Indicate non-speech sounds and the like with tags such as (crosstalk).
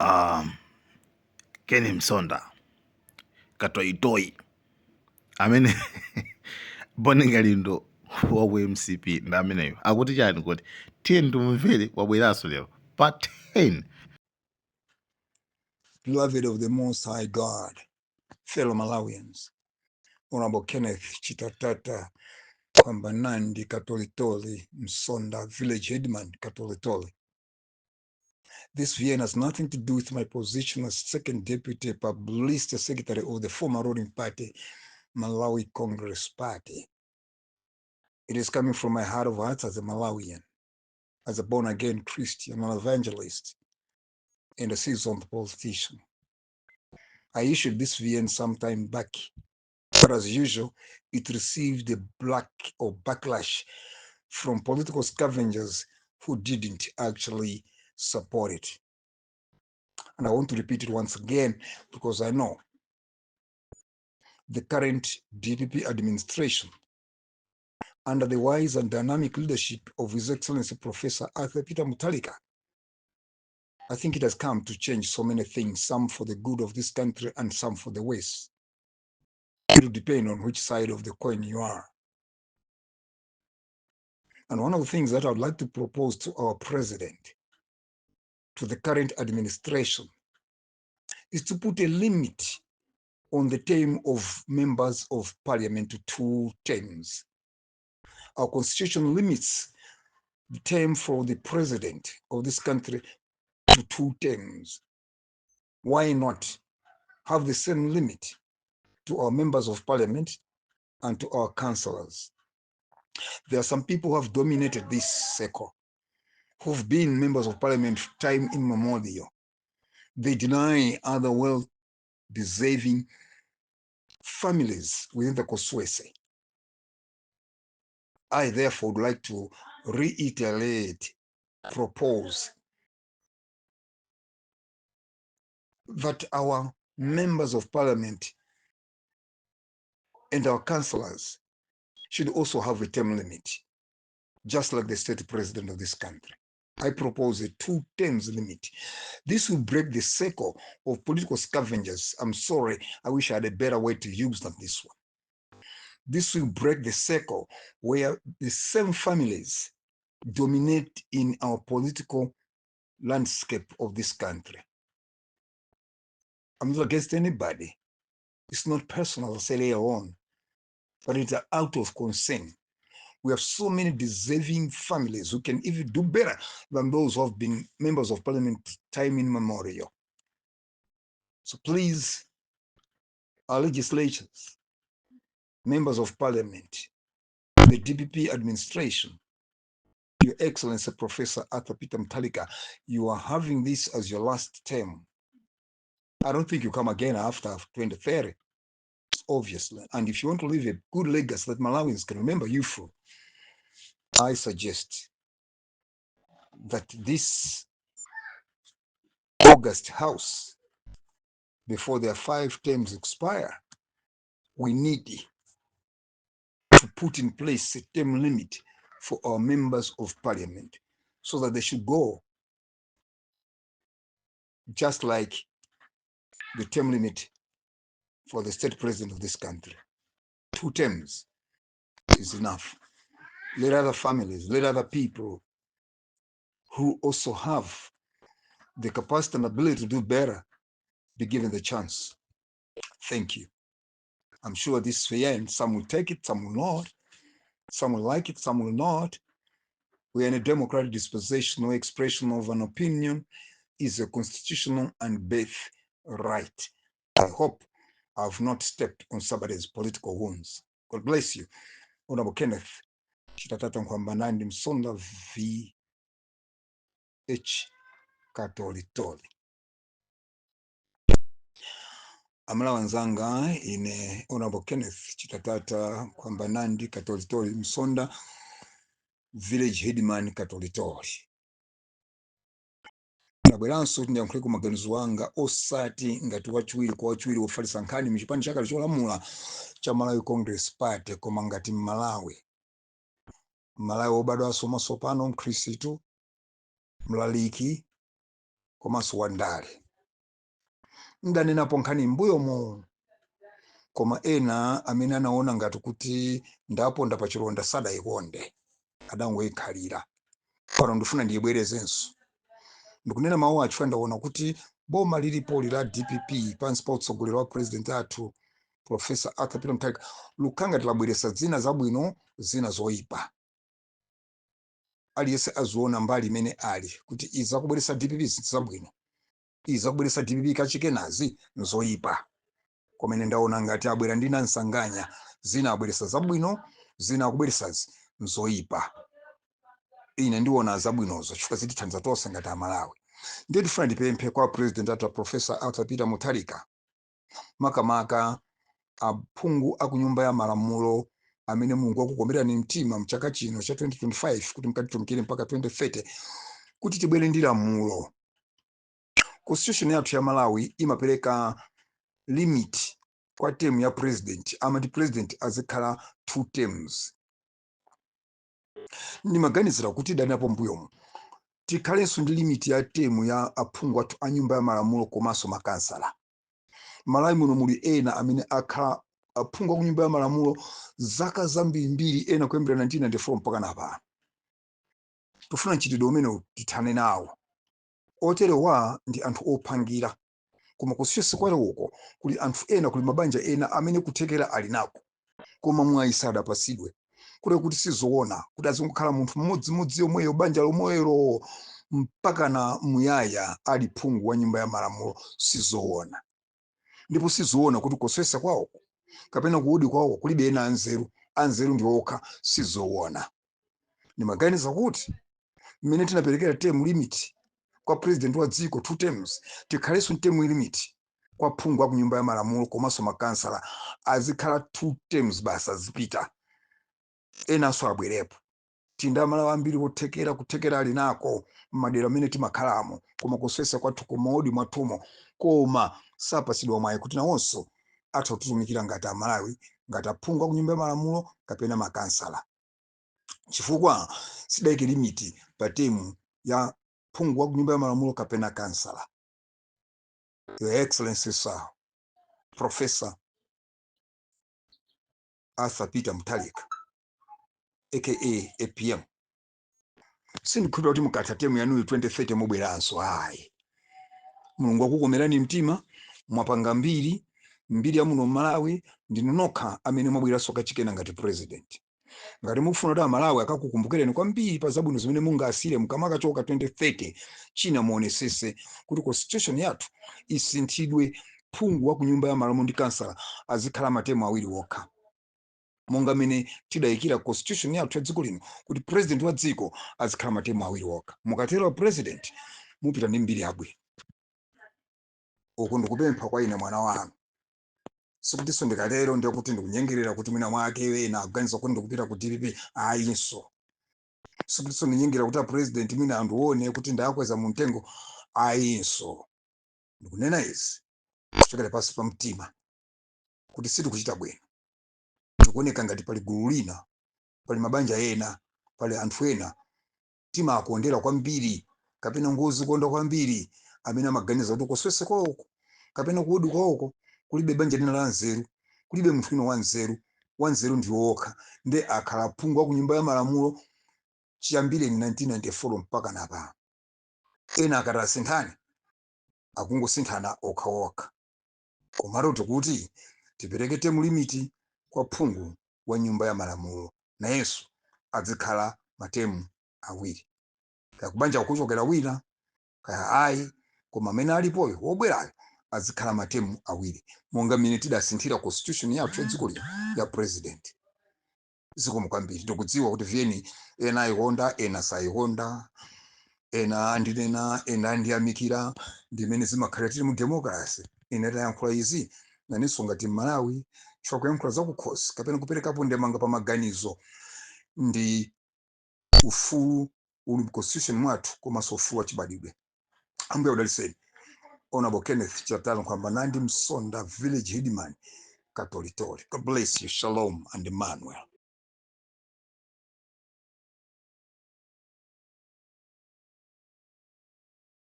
um, Kenny Msonda Katoitoi amene (laughs) boningalindo wa UMCP ndameneyo akuti chani kuti tiye ndimumvere wabweranso lero pa 10 Beloved of the Most High God, fellow Malawians, Honorable Kenneth Chitatata nandi Katolitoli Msonda, village headman Katolitoli This VN has nothing to do with my position as second deputy publicity secretary of the former ruling party, Malawi Congress Party. It is coming from my heart of hearts as a Malawian, as a born again Christian, an evangelist, and a seasoned politician. I issued this VN sometime back, but as usual, it received a black or backlash from political scavengers who didn't actually support it. And I want to repeat it once again because I know the current DPP administration, under the wise and dynamic leadership of His Excellency Professor Arthur Peter Mutalika, I think it has come to change so many things, some for the good of this country and some for the worse. It will depend on which side of the coin you are. And one of the things that I would like to propose to our president to the current administration is to put a limit on the term of members of parliament to two terms. Our constitution limits the term for the president of this country to two terms. Why not have the same limit to our members of parliament and to our councillors? There are some people who have dominated this circle who've been members of parliament time immemorial. They deny other well-deserving families within the Koswese. I therefore would like to reiterate, propose that our members of parliament and our councillors should also have a term limit, just like the state president of this country. I propose a two terms limit. This will break the circle of political scavengers. I'm sorry, I wish I had a better way to use than this one. This will break the circle where the same families dominate in our political landscape of this country. I'm not against anybody. It's not personal, I say later on, but it's out of concern we have so many deserving families who can even do better than those who have been members of parliament time in memorial. So please, our legislatures, members of parliament, the DPP administration, your Excellency Professor Arthur Peter Mtalika, you are having this as your last term. I don't think you come again after 2030, obviously. And if you want to leave a good legacy that Malawians can remember you for, I suggest that this August House, before their five terms expire, we need to put in place a term limit for our members of parliament so that they should go just like the term limit for the state president of this country. Two terms is enough let other families, let other people who also have the capacity and ability to do better be given the chance. Thank you. I'm sure this will end. some will take it, some will not. Some will like it, some will not. We're in a democratic disposition. No expression of an opinion is a constitutional and birth right. I hope I've not stepped on somebody's political wounds. God bless you. Honorable Kenneth, nkwamba nkwambanandi msonda v h katolitoli amala wanzanga ine honorable kenneth chitatata kwamba nandi katolitoli msonda village headman katolitoli nabweranso tindiyankhule ku maganizo wanga osati ngati wachiwiri kwa wachiwiri wofarisa nkhani mchipani chakale cholamula cha malawi congress party koma ngati mmalawi Malayo bado asoma sopano mkhrisitu mlaliki komanso wandale mdanena nkhani mbuyo mu koma ena amene anaona ngati kuti ndaponda pachilonda sadayikonde adangoyikhalira pano ndifuna ndiyibwerezenso ndikunena mawu acho andaona kuti boma lilipoli la DPP pansi pa utsogolero wa president athu Profesa Arthur Pilo Mutharika lukhangati labweresa zina zabwino zina zoyipa aliyense aziona mbali imene ali kuti izi dpp zinthu zabwino izakubweresa zakubweretsa dpp kachikenazi nzoyipa komene ndaona ngati abwera ndina nsanganya zina abweretsa zabwino zina akubweresa nzoyipa ine ndiona zabwinozo chifukwa zitithandiza tonse ngati amalawi ndiye tifuna ndipemphe kwa president ata professor arthur peter mutharika makamaka aphungu akunyumba ya malamulo amene mulungu akukomera ni mtima mchaka chino cha 2025 kuti mkati tumkire mpaka 2030 kuti tibwere ndi lamulo constitution yathu ya malawi imapereka limit kwa term ya president amati president azikhala two terms ndimaganizira kuti danapo mbuyomu tikhalenso ndi limiti ya temu ya aphungu athu a nyumba ya malamulo komanso makansala malawi muno muli ena amene akhala aphungwa ku nyumba ya malamulo zaka zambirimbiri ena kuyambira 1994 mpaka napa tofuna mchitidwe umene tithane nawo oterewa ndi anthu opangira koma kusiyesi kwale kuli anthu ena kuli mabanja ena amene kuthekera ali nako koma mwayi sadapatsidwe kule kuti sizoona kuti azingokhala munthu mmodzimodzi yomweyo banja lomwelo mpaka na muyaya ali phungu wa nyumba ya malamulo sizoona ndipo sizoona kuti kusoyesa kwawo kapena kuudi kwawo kulibe ena anzeru anzeru ndiwokha sizoona ndimaganiza kuti mmene tinaperekera tem limit kwa president wa dziko two terms tikhalenso mtem limit kwa phungwa ku nyumba ya malamulo komanso makansala azikhala two terms basa zipita enanso abwerepo tindamalawa ambiri wothekera kuthekera alinako mmadera amene timakhalamo koma kusesa kwathu kumaudi mwathumo koma sapasidwa mwayi kuti nawonso atatutumikira ngati amalawi ngati aphungu akunyumba ya malamulo kapena makansala chifukwa sidaike limiti pa temu ya phungu akunyumba ya malamulo kapena kansala your excellency sir professor arthur peter mtalika aka apm sindikhupira kuti mukatha temu yanuyu 2030 mubweranso ayi mulungu akukomerani mtima mwapanga mbiri mbiri ya muno malawi ndinu amene mwabwera soka chikena ngati president ngati mukufuna kuti amalawi akakukumbukireni kwambiri pa zabwino zimene mungasire mukamaka choka 2030 china muonesese kuti constitution yathu isinthidwe phungu wa ku nyumba ya malamulo ndi kansala azikhala matemu awiri wokha monga mene tidayikira constitution yathu ya dziko lino kuti president wa dziko azikhala matemu awiri wokha mukatero president mupita ndi mbiri yabwino uku kwa ine mwana wanu sokuti so ndikatero ndekuti ndikunyengerera kuti mwina wake ena akuganisa kuti ndikupira kudpp aiso sokuti so ndinyengerera kuti apurezidendi mwina andione kuti ndakweza mumtengo aiso ndikunena izi kuchokera pasi pamtima kuti siti kuchita bwino ndikuoneka ngati pali guru lina pali mabanja ena pali anthu ena tima akuondera kwambiri kapena ngozi kuonda kwambiri amene amaganiza kuti kosese kwaoko kapena kuudi kwaoko kulibe banjadina la nzeru kulibe munthu wa nzeru wanzeru ndi wokha nde akhalaphungu aku nyumba ya malamulo ni 1994 mpaka ba ena akatasinthani akungosinthana okhaokha komato tikuti tiperekete mulimiti kwa phungu wa nyumba ya malamulo nayenso adzikhala matemu awiri kaya kubanja kuchokera wina kaya ayi koma amene alipoyo wobwerayo azikhala matemu awiri monga mmene tidasinthira constitution yathu ya dziko lino ya president zikomo kwambiri tikudziwa kuti vieni ena ayikonda ena sayikonda ena andinena ena andiyamikira ndimene zimakhalira tili mu democracy ine tayankhula izi nanenso ngati malawi chakuyankhula zakukhosi kapena kuperekapo ndemanga pa maganizo ndi ufulu uli mu mwathu komanso ufulu wachibadidwe ambuya udaliseni Honorable Kenneth Chatalam kwamba Msonda, village headman, katolitori. God bless you. Shalom and Emmanuel.